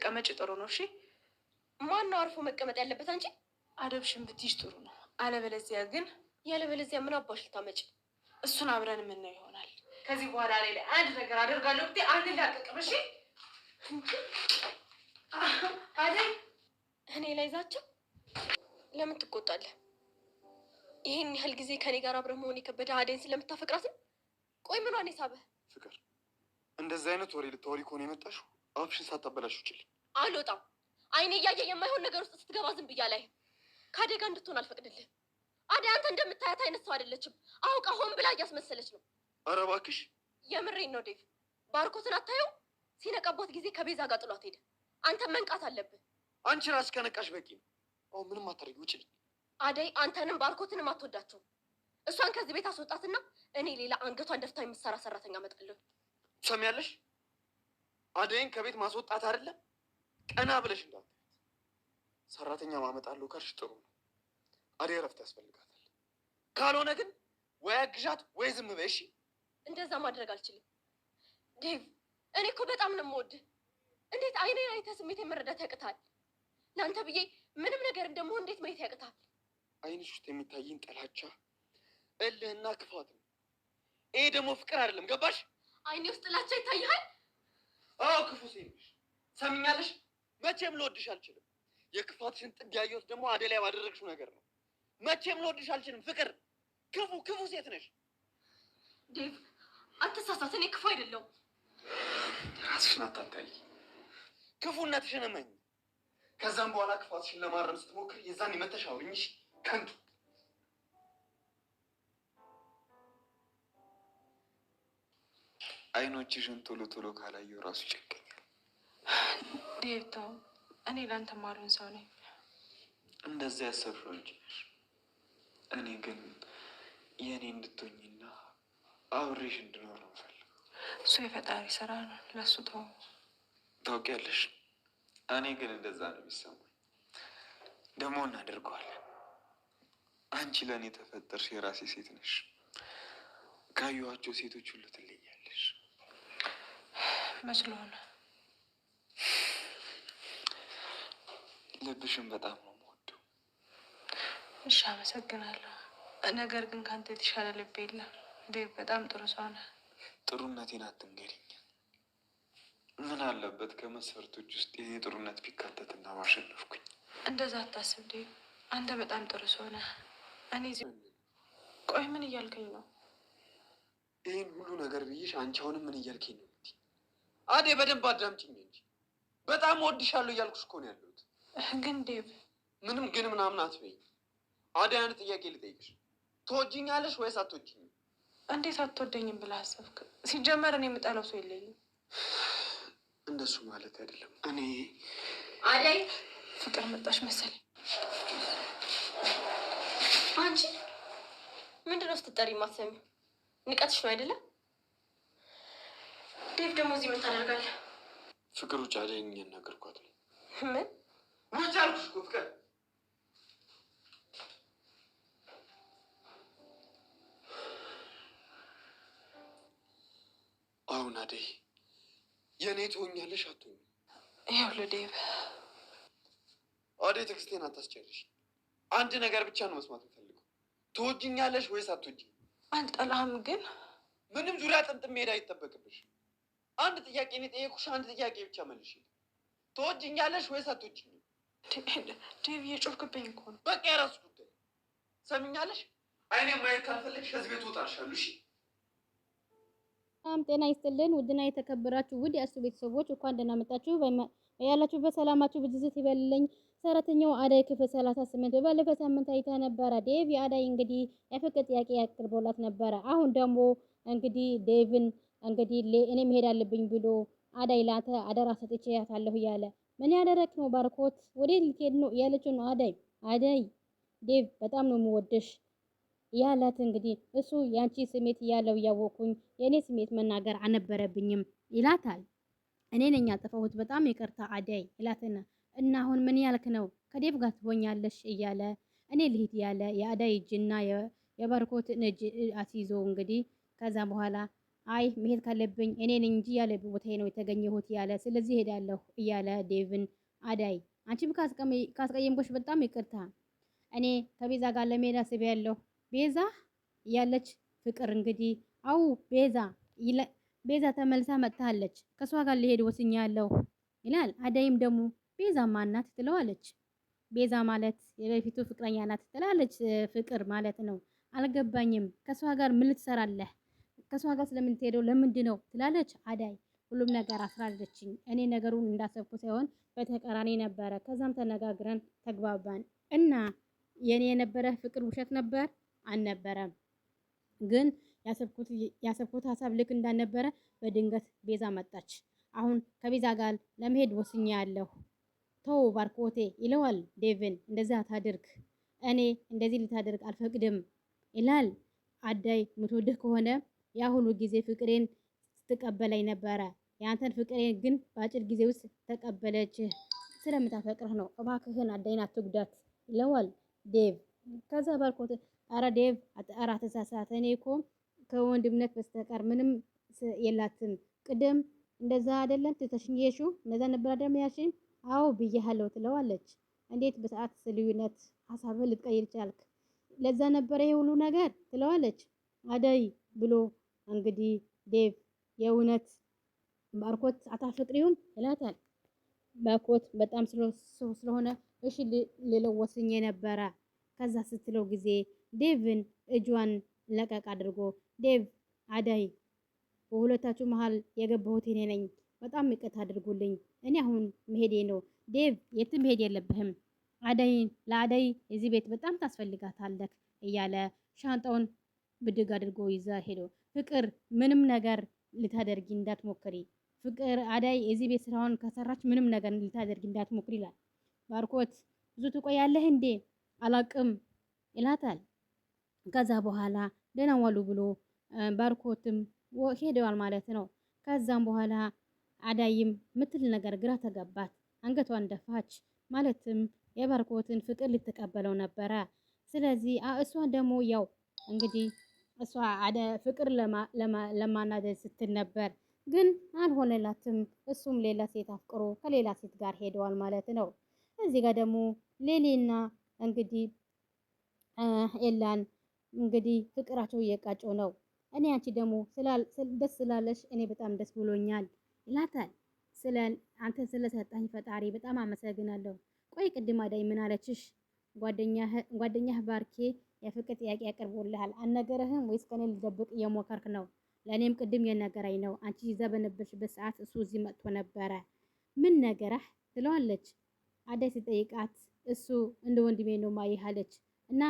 መቀመጭ ጥሩ ነው። እሺ ማነው አርፎ መቀመጥ ያለበት? አንቺ አደብሽን ብትይዥ ጥሩ ነው። አለበለዚያ ግን ያለበለዚያ ምን አባሽ ልታመጭ? እሱን አብረን የምናየው ይሆናል። ከዚህ በኋላ ላይ አንድ ነገር አደርጋለሁ ብቴ አንላቀቅም። እሺ አደይ፣ እኔ ላይ ዛቸው ለምን ትቆጣለህ? ይህን ያህል ጊዜ ከኔ ጋር አብረህ መሆን የከበደ አደይን ስለምታፈቅራትም ቆይ ምኗን የሳበህ ፍቅር? እንደዚህ አይነት ወሬ ልታወሪ ከሆነ የመጣሽው አፍሽን ሳታበላሽ ውጭልኝ። አልወጣም። አይኔ እያየ የማይሆን ነገር ውስጥ ስትገባ ዝም ብያ ላይ ከአደጋ እንድትሆን አልፈቅድልህ። አደይ አንተ እንደምታያት አይነት ሰው አይደለችም። አውቃ ሆን ብላ እያስመሰለች ነው። ኧረ እባክሽ የምሬን ነው ዴቭ። ባርኮትን አታየው? ሲነቃባት ጊዜ ከቤዛ ጋር ጥሏት ሄደ። አንተ መንቃት አለብህ። አንቺ ራስ ከነቃሽ በቂ ነው። አሁን ምንም አታደርጊ፣ ውጭልኝ። አደይ አንተንም ባርኮትንም አትወዳቸው እሷን ከዚህ ቤት አስወጣትና እኔ ሌላ አንገቷን ደፍታ የምትሰራ ሰራተኛ መጣለሁ። ሰሚያለሽ? አደይን ከቤት ማስወጣት አይደለም ቀና ብለሽ እንዳት ሰራተኛ ማመጣለሁ ካልሽ ጥሩ ነው። አደይ እረፍት ያስፈልጋታል። ካልሆነ ግን ወይ አግዣት ወይ ዝም በይ። እሺ፣ እንደዛ ማድረግ አልችልም ዴቭ። እኔ እኮ በጣም ነው የምወድህ። እንዴት አይኔ አይተህ ስሜት መረዳት ያቅታል? ለአንተ ብዬ ምንም ነገር ደግሞ እንዴት ማየት ያቅታል? አይንሽ ውስጥ የሚታይን ጥላቻ፣ እልህና ክፋት ነው። ይሄ ደግሞ ፍቅር አይደለም። ገባሽ? አይኔ ውስጥ ጥላቻ ይታይሃል አዎ ክፉ ሴት ሰምኛለሽ፣ መቼም ልወድሽ አልችልም። የክፋትሽን ጥግ ያየሁት ደግሞ አደላይ ባደረግሽው ነገር ነው። መቼም ልወድሽ አልችልም ፍቅር። ክፉ ክፉ ሴት ነሽ። ዴቭ አትሳሳት፣ እኔ ክፉ አይደለሁም። ራስሽን አታታል፣ ክፉነትሽን እመኝ። ከዛም በኋላ ክፋትሽን ለማረም ስትሞክር የዛን የመተሻውልኝሽ ከንቱ አይኖችሽን ቶሎ ቶሎ ካላየው ራሱ ይጨቀኛል። ዴብታው እኔ ላንተ ማሉን ሰው ነኝ። እንደዛ ያሰብሽው እንጂ እኔ ግን የእኔ እንድትሆኝና አብሬሽ እንድኖር ነው እሱ የፈጣሪ ስራ ነው፣ ለሱ ተው። ታውቂያለሽ፣ እኔ ግን እንደዛ ነው የሚሰማኝ። ደግሞ እናደርገዋለን። አንቺ ለእኔ ተፈጠርሽ፣ የራሴ ሴት ነሽ። ካየኋቸው ሴቶች ሁሉ ትለያለሽ። መስሎን ልብሽን በጣም ነው የምወደው። እሺ፣ አመሰግናለሁ። ነገር ግን ከአንተ የተሻለ ልብ የለም። ቤት በጣም ጥሩ ሰው ነህ። ጥሩነቴን አትንገሪኝ። ምን አለበት ከመስፈርቶች ውስጥ የኔ ጥሩነት ቢካተትና ማሸነፍኩኝ። እንደዛ አታስብ ዴ አንተ በጣም ጥሩ ሰው ነህ። እኔ ቆይ ምን እያልከኝ ነው? ይህን ሁሉ ነገር ብዬሽ አንቺ አሁንም ምን እያልከኝ ነው? አዴ በደንብ አዳምጪኝ እንጂ በጣም ወድሻለሁ እያልኩሽ እኮ ነው ያለሁት። ግን ዴቭ ምንም ግን ምናምን አትበይኝ። አዴ አይነት ጥያቄ ልጠይቅሽ፣ ትወጂኛለሽ ወይስ አትወጂኝም? እንዴት አትወደኝም ብለህ አሰብክ? ሲጀመር እኔ የምጠለው ሰው የለኝም። እንደሱ ማለት አይደለም። እኔ አዴ ፍቅር መጣሽ መሰለኝ። አንቺ ምንድነው ስትጠሪ ማሰሚ? ንቀትሽ ነው አይደለም ዴቭ ደግሞ እዚህ ምን ታደርጋለህ? ፍቅር ውጭ አደኝ ያናገርኳት ነው። ምን ውጭ አልኩሽ እኮ ፍቅር። አሁን አደይ የእኔ ትሆኛለሽ አትሆኝ? ይኸውልህ ዴቭ፣ አደይ ትዕግስቴን አታስጨርሽ። አንድ ነገር ብቻ ነው መስማት የምፈልገው። ትወጅኛለሽ ወይስ አትወጂኝ? አልጠላህም፣ ግን ምንም ዙሪያ ጥምጥም መሄድ አይጠበቅብሽ አንድ ጥያቄ እኔ ጠየኩሽ፣ አንድ ጥያቄ ብቻ መልሽ። ትወጂኛለሽ ወይስ አትወጂኝም? ዴቭ እየጮፍክብኝ እኮ ነው። በቃ የራሱ ጉዳይ። ሰምኛለሽ? አይኔ ማየት ካልፈለግሽ ከዚህ ቤት እወጣልሻለሁ። እሺ በጣም ጤና ይስጥልን። ውድና የተከበራችሁ ውድ የእሱ ቤተሰቦች እንኳን ደህና መጣችሁ። ያላችሁበት ሰላማችሁ ብዝት ይበልልኝ። ሰራተኛው አዳይ ክፍል ሰላሳ ስምንት በባለፈ ሳምንት አይታ ነበረ። ዴቭ የአዳይ እንግዲህ የፍቅር ጥያቄ ያቅርቦላት ነበረ። አሁን ደግሞ እንግዲህ ዴቭን እንግዲህ እኔ መሄድ አለብኝ ብሎ አዳይ ላተ አደራ ሰጥቼ ያታለሁ እያለ ምን ያደረክ ነው ባርኮት፣ ወዴት ልትሄድ ነው ያለችው ነው አዳይ። አዳይ ዴቭ በጣም ነው የምወደሽ ያላት እንግዲህ እሱ ያንቺ ስሜት እያለው እያወቅኩኝ የእኔ ስሜት መናገር አልነበረብኝም ይላታል። እኔ ነኝ ያጠፋሁት በጣም ይቅርታ አዳይ ይላትና እና አሁን ምን ያልክ ነው ከዴቭ ጋር ትሆኛለሽ እያለ እኔ ልሂድ ያለ የአዳይ እጅና የባርኮትን እጅ አስይዞ እንግዲህ ከዛ በኋላ አይ መሄድ ካለብኝ እኔ ነኝ እንጂ ያለ ቦታ ነው የተገኘሁት ያለ ስለዚህ ሄዳለሁ እያለ ዴቭን አዳይ አንቺም ካስቀየምኩሽ በጣም ይቅርታ እኔ ከቤዛ ጋር ለመሄድ አስቤያለሁ ቤዛ እያለች ፍቅር እንግዲህ አው ቤዛ ቤዛ ተመልሳ መጥታለች ከሷ ጋር ልሄድ ወስኛለሁ ይላል አዳይም ደግሞ ቤዛ ማናት ትለዋለች ቤዛ ማለት የበፊቱ ፍቅረኛ ናት ትላለች ፍቅር ማለት ነው አልገባኝም ከሷ ጋር ምን ልትሰራለህ ከእሷ ጋር ስለምትሄደው ለምንድን ነው ትላለች አዳይ። ሁሉም ነገር አስራለችኝ። እኔ ነገሩን እንዳሰብኩ ሳይሆን በተቀራኔ ነበረ። ከዛም ተነጋግረን ተግባባን እና የኔ የነበረ ፍቅር ውሸት ነበር አልነበረም። ግን ያሰብኩት ሀሳብ ልክ እንዳልነበረ በድንገት ቤዛ መጣች። አሁን ከቤዛ ጋር ለመሄድ ወስኜ ያለሁ። ተው ባርኮቴ ይለዋል ዴቪን። እንደዚህ አታድርግ፣ እኔ እንደዚህ ልታደርግ አልፈቅድም ይላል። አዳይ ምትወደህ ከሆነ ያ ሁሉ ጊዜ ፍቅሬን ስትቀበለኝ ነበረ። የአንተን ፍቅሬን ግን በአጭር ጊዜ ውስጥ ተቀበለች። ስለምታፈቅርህ ነው። እባክህን አዳይን አትጉዳት ይለዋል ዴቭ። ከዛ ባልኮት አረ ዴቭ አረ አትሳሳት፣ እኔ እኮ ከወንድምነት በስተቀር ምንም የላትም። ቅድም እንደዛ አይደለም የሹ እንደዛ ነበር አይደለም ያልሽኝ? አዎ ብያለሁ ትለዋለች። እንዴት በሰዓት ልዩነት ሀሳብህን ልትቀይር ቻልክ? ለዛ ነበረ ይሄ ሁሉ ነገር ትለዋለች። አደይ ብሎ እንግዲህ ዴቭ የእውነት ባርኮት አታፈቅሪውም ይላታል። ባርኮት በጣም ስለሆነ እሺ ልለው ወስኜ ነበረ። ከዛ ስትለው ጊዜ ዴቭን እጇን ለቀቅ አድርጎ ዴቭ አዳይ፣ በሁለታችሁ መሀል የገባሁት እኔ ነኝ። በጣም ይቅርታ አድርጉልኝ። እኔ አሁን መሄዴ ነው። ዴቭ የትም መሄድ የለብህም። አዳይን ለአዳይ እዚህ ቤት በጣም ታስፈልጋታለህ እያለ ሻንጣውን ብድግ አድርጎ ይዛ ሄዶ ፍቅር ምንም ነገር ልታደርጊ እንዳትሞክሪ ፍቅር አዳይ የዚህ ቤት ስራውን ከሰራች ምንም ነገር ልታደርጊ እንዳትሞክሪ ይላል። ባርኮት ብዙ ትቆያለህ እንዴ አላቅም ይላታል። ከዛ በኋላ ደህና ዋሉ ብሎ ባርኮትም ሄደዋል ማለት ነው። ከዛም በኋላ አዳይም ምትል ነገር ግራ ተገባት፣ አንገቷን ደፋች። ማለትም የባርኮትን ፍቅር ልትቀበለው ነበረ። ስለዚህ እሷ ደግሞ ያው እንግዲህ እሷ አደ ፍቅር ለማናደድ ስትል ነበር፣ ግን አልሆነላትም። እሱም ሌላ ሴት አፍቅሮ ከሌላ ሴት ጋር ሄደዋል ማለት ነው። እዚህ ጋር ደግሞ ሌሊና እንግዲህ ኤላን እንግዲህ ፍቅራቸው እየቃጨው ነው። እኔ አንቺ ደግሞ ደስ ስላለሽ እኔ በጣም ደስ ብሎኛል ይላታል። ስለ አንተ ስለሰጣኝ ፈጣሪ በጣም አመሰግናለሁ። ቆይ ቅድም አዳይ ምን አለችሽ? ጓደኛህ ባርኬ የፍቅር ጥያቄ ያቀርቡልሃል። አልነገረህም ወይስ ከኔ ልደብቅ እየሞከርክ ነው? ለእኔም ቅድም የነገረኝ ነው። አንቺ ይዛ ሰዓት እሱ እዚህ መጥቶ ነበረ። ምን ነገረህ ትለዋለች። አዳይ ሲጠይቃት እሱ እንደ ወንድሜ ነው ማይሃለች እና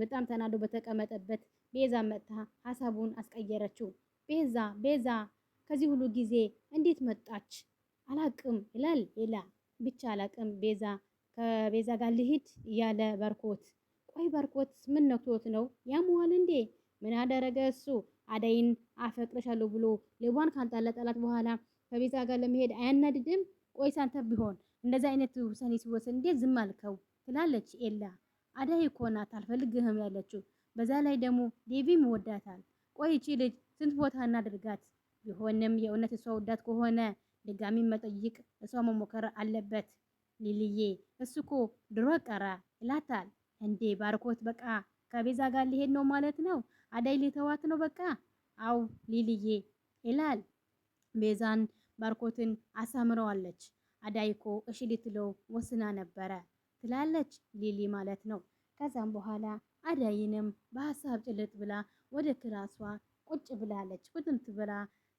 በጣም ተናዶ በተቀመጠበት ቤዛ መጥታ ሀሳቡን አስቀየረችው። ቤዛ ቤዛ ከዚህ ሁሉ ጊዜ እንዴት መጣች? አላቅም ይላል። ሌላ ብቻ አላቅም ቤዛ ከቤዛ ጋር ልሂድ እያለ በርኮት ቆይ ባርኮትስ ምን ነክቶት ነው? ያመዋል እንዴ? ምን አደረገ እሱ? አደይን አፈቅረሻለሁ ብሎ ልቧን ካንጣለጠላት በኋላ ከቤዛ ጋር ለመሄድ አያናድድም? ቆይ ሳንተ ቢሆን እንደዛ አይነት ውሳኔ ሲወስን እንዴት ዝም አልከው? ትላለች ኤላ። አደይ እኮ ናት አልፈልግህም ያለችው። በዛ ላይ ደግሞ ዴቪም ወዳታል። ቆይ እቺ ልጅ ስንት ቦታ እናድርጋት? ቢሆንም የእውነት እሷ ወዳት ከሆነ ድጋሚ መጠይቅ እሷ መሞከር አለበት። ሊልዬ እሱ እኮ ድሮ ቀራ ይላታል። እንዴ ባርኮት በቃ ከቤዛ ጋር ሊሄድ ነው ማለት ነው። አዳይ ሊተዋት ነው በቃ አው ሊልዬ ይላል። ቤዛን ባርኮትን አሳምረዋለች። አዳይ እኮ እሺ ልትለው ወስና ነበረ ትላለች ሊሊ ማለት ነው። ከዛም በኋላ አዳይንም በሀሳብ ጭልጥ ብላ ወደ ክላሷ ቁጭ ብላለች። ቁጭምት ብላ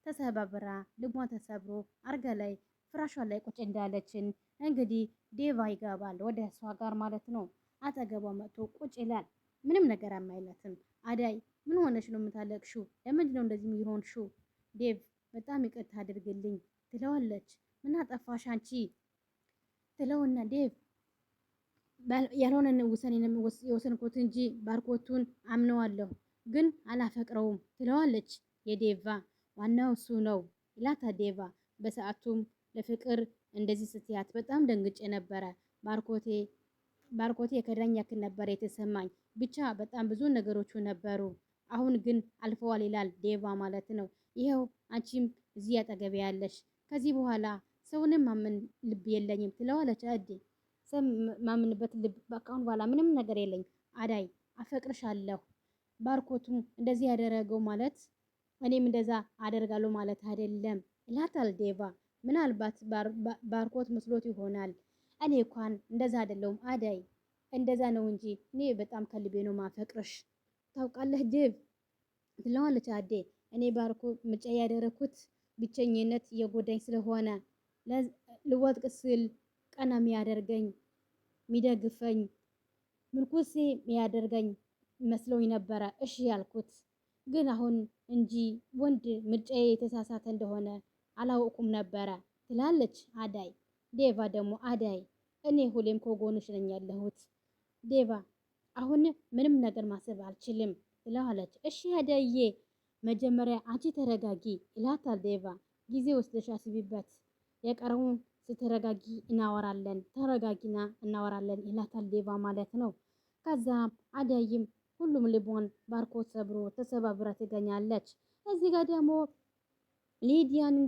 ተሰባብራ ልቧ ተሰብሮ አርጋ ላይ ፍራሿ ላይ ቁጭ እንዳለችን እንግዲህ ዴቫ ይገባል ወደ እሷ ጋር ማለት ነው። አጠገቧ መጥቶ ቁጭ ይላል። ምንም ነገር አማይለትም። አዳይ ምን ሆነሽ ነው የምታለቅሽው? ለምንድን ነው እንደዚህ የሆንሽው? ዴቭ በጣም ይቅርታ አድርግልኝ ትለዋለች። ምን አጠፋሽ አንቺ ትለውና ዴቭ ያልሆነ ውሳኔ የወሰንኩት እንጂ ባርኮቱን አምነዋለሁ ግን አላፈቅረውም ትለዋለች። የዴቫ ዋናው እሱ ነው ይላታ ዴቫ በሰዓቱም ለፍቅር እንደዚህ ስትያት በጣም ደንግጬ ነበረ ባርኮቴ ባርኮቴ የከዳኝ ያክል ነበር የተሰማኝ። ብቻ በጣም ብዙ ነገሮቹ ነበሩ። አሁን ግን አልፈዋል ይላል ዴቫ ማለት ነው። ይኸው አንቺም እዚህ አጠገቤ ያለሽ ከዚህ በኋላ ሰውንም ማምን ልብ የለኝም ትለዋለች። እዴ ሰው ማምንበት ልብ በቃሁን በኋላ ምንም ነገር የለኝ። አዳይ አፈቅርሻለሁ። ባርኮቱም እንደዚህ ያደረገው ማለት እኔም እንደዛ አደርጋለሁ ማለት አይደለም ይላታል ዴቫ። ምናልባት ባርኮት መስሎት ይሆናል እኔ እንኳን እንደዛ አይደለሁም አዳይ እንደዛ ነው እንጂ እኔ በጣም ከልቤ ነው ማፈቅርሽ ታውቃለህ ጅብ ትለዋለች አደይ። እኔ ባርኩ ምርጫ ያደረኩት ብቸኝነት የጎዳኝ ስለሆነ ልወጥቅ ስል ቀና የሚያደርገኝ ሚደግፈኝ ምንኩሴ የሚያደርገኝ መስሎኝ ነበረ እሺ ያልኩት። ግን አሁን እንጂ ወንድ ምርጫዬ የተሳሳተ እንደሆነ አላወቅኩም ነበረ ትላለች አዳይ። ዴቫ ደግሞ አዳይ፣ እኔ ሁሌም ከጎንሽ ነኝ ያለሁት ዴቫ፣ አሁን ምንም ነገር ማሰብ አልችልም ትለዋለች። እሺ አዳዬ፣ መጀመሪያ አንቺ ተረጋጊ ይላታል ዴቫ። ጊዜ ወስደሽ አስቢበት፣ የቀረውን ስትረጋጊ እናወራለን፣ ተረጋጊና እናወራለን ይላታል ዴቫ ማለት ነው። ከዛም አዳይም ሁሉም ልቦን ባርኮት ሰብሮ ተሰባብራ ትገኛለች። እዚህ ጋር ደግሞ ሊዲያን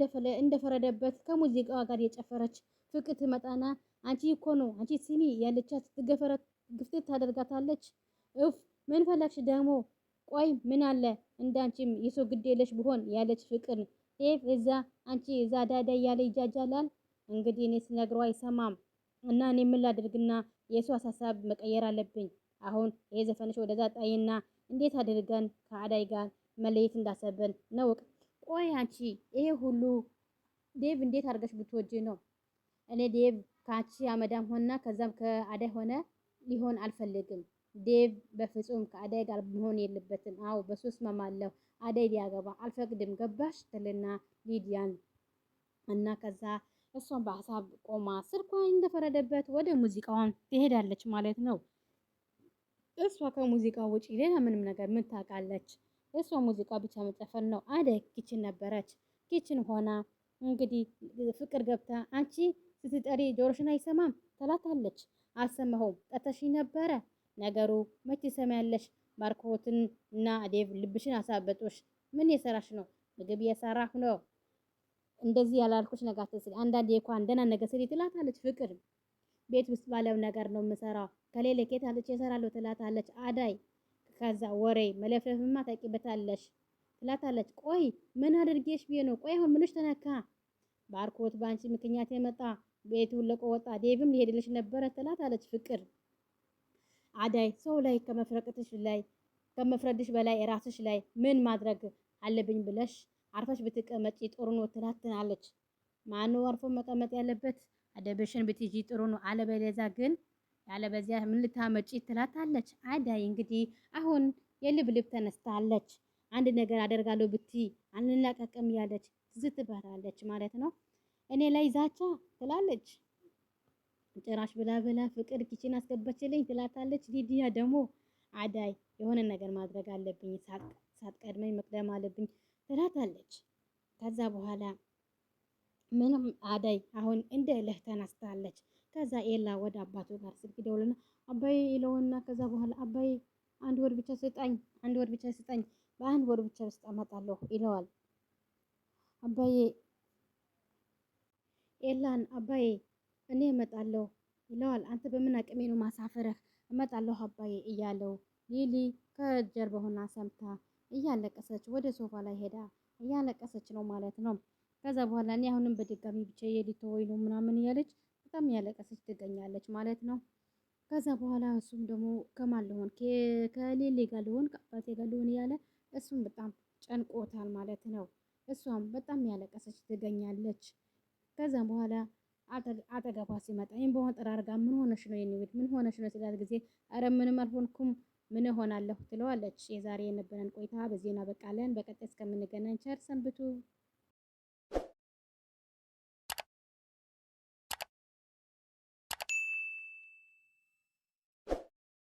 እንደፈረደበት ከሙዚቃዋ ጋር የጨፈረች ፍቅር ትመጣና አንቺ እኮ ነው አንቺ ስሚ ያለቻት ትገፈረት ግፍት ታደርጋታለች። እፍ ምን ፈለግሽ ደግሞ? ቆይ ምን አለ እንዳንቺም የሰው ግድ የለሽ ብሆን ያለች ፍቅር ዴቭ እዛ አንቺ እዛ ዳዳ እያለ ይጃጃላል። እንግዲህ እኔ ስነግረው አይሰማም እና እኔ ምን ላድርግና የእሱ አሳሳብ መቀየር አለብኝ። አሁን ይሄ ዘፈንሽ ወደዛ ጣይና እንዴት አድርገን ከአዳይ ጋር መለየት እንዳሰበን ነውቅ። ቆይ አንቺ ይሄ ሁሉ ዴቭ እንዴት አድርገሽ ብትወጂ ነው እኔ ዴቭ ካቺ አመዳም ሆና ከዛም ከአደይ ሆነ ሊሆን አልፈልግም። ዴቭ በፍጹም ከአደይ ጋር መሆን የለበትም። አዎ በሱ እስማማለሁ። አደይ ሊያገባ አልፈቅድም። ገባሽ ትልና ሊዲያን እና ከዛ እሷን በሀሳብ ቆማ ስልኳ እንደፈረደበት ወደ ሙዚቃዋን ትሄዳለች ማለት ነው። እሷ ከሙዚቃ ውጪ ሌላ ምንም ነገር ምን ታውቃለች? እሷ ሙዚቃ ብቻ መጨፈር ነው። አደይ ኪችን ነበረች። ኪችን ሆና እንግዲህ ፍቅር ገብታ አንቺ ስትጠሪ ጆሮሽን አይሰማም ትላታለች። አልሰማሁም ጠተሽ ነበረ። ነገሩ መቼ ሰማያለሽ? ማርኮትን እና ዴቭ ልብሽን አሳበጦሽ። ምን የሰራሽ ነው? ምግብ የሰራሁ ነው። እንደዚህ ያላልኩሽ ነገር አትስሪ። አንዳንዴ እንኳን ደህና ነገር ስሪ ትላታለች ፍቅር። ቤት ውስጥ ባለው ነገር ነው የምሰራው። ከሌለ ኬት አለች የሰራለሁ ትላታለች አዳይ። ከዛ ወሬ መለፍለፍማ ታቂበታለሽ ትላታለች። ቆይ ምን አድርጌሽ ብዬ ነው? ቆይ አሁን ምንሽ ተነካ? ባርኮት በአንቺ ምክንያት የመጣ ቤቱ ለቆ ወጣ። ዴቭም ሊሄድልሽ ነበረ ትላት አለች ፍቅር። አዳይ ሰው ላይ ከመፍረቅትሽ ላይ ከመፍረድሽ በላይ ራስሽ ላይ ምን ማድረግ አለብኝ ብለሽ አርፈሽ ብትቀመጪ ጥሩ ነው ትላትናለች። ማነው አርፎ መቀመጥ ያለበት? አደብሽን ብትይጂ ጥሩ ነው፣ አለበለዛ ግን ያለበዚያ ምን ልታመጪ አለች። አዳይ እንግዲህ አሁን የልብ ልብ ተነስታለች። አንድ ነገር አደርጋለሁ ብቲ አንላቀቅም ያለች ትዝ ማለት ነው። እኔ ላይ ዛቻ ትላለች። ጭራሽ ብላ ብላ ፍቅር ኪችን አስገባችልኝ ትላታለች። ሊዲያ ደግሞ አዳይ የሆነ ነገር ማድረግ አለብኝ፣ ሳትቀድመኝ መቅደም አለብኝ ትላታለች። ከዛ በኋላ ምንም አዳይ አሁን እንደ እልህ ተነስታለች። ከዛ ኤላ ወደ አባቱ ጋር ስልክ ደውልና አባዬ ይለውና ከዛ በኋላ አባዬ አንድ ወር ብቻ ስጠኝ፣ አንድ ወር ብቻ ስጠኝ፣ በአንድ ወር ብቻ ውስጥ አመጣለሁ ይለዋል አባዬ ኤላን አባዬ እኔ እመጣለሁ ይለዋል። አንተ በምን አቅሜ ነው ማሳፈረህ? እመጣለሁ አባዬ እያለው ሊሊ ከጀርባ ሆና ሰምታ እያለቀሰች ወደ ሶፋ ላይ ሄዳ እያለቀሰች ነው ማለት ነው። ከዛ በኋላ እኔ አሁንም በድጋሚ ብቻ የሊቶ ወይ ነው ምናምን እያለች በጣም እያለቀሰች ትገኛለች ማለት ነው። ከዛ በኋላ እሱም ደግሞ ከማን ልሆን ከሊሊ ጋር ልሆን ከአባቴ ጋር ልሆን እያለ እሱም በጣም ጨንቆታል ማለት ነው። እሷም በጣም ያለቀሰች ትገኛለች። ከዛም በኋላ አጠገቧ ሲመጣ ይህም በሆን ጠራርጋ ምን ሆነሽ ነው የሚሉት ምን ሆነሽ ነው ሲላት ጊዜ አረ ምንም አልሆንኩም ምን ሆናለሁ ትለዋለች። የዛሬ የነበረን ቆይታ በዜና በቃለን። በቀጣይ እስከምንገናኝ ቸር ሰንብቱ።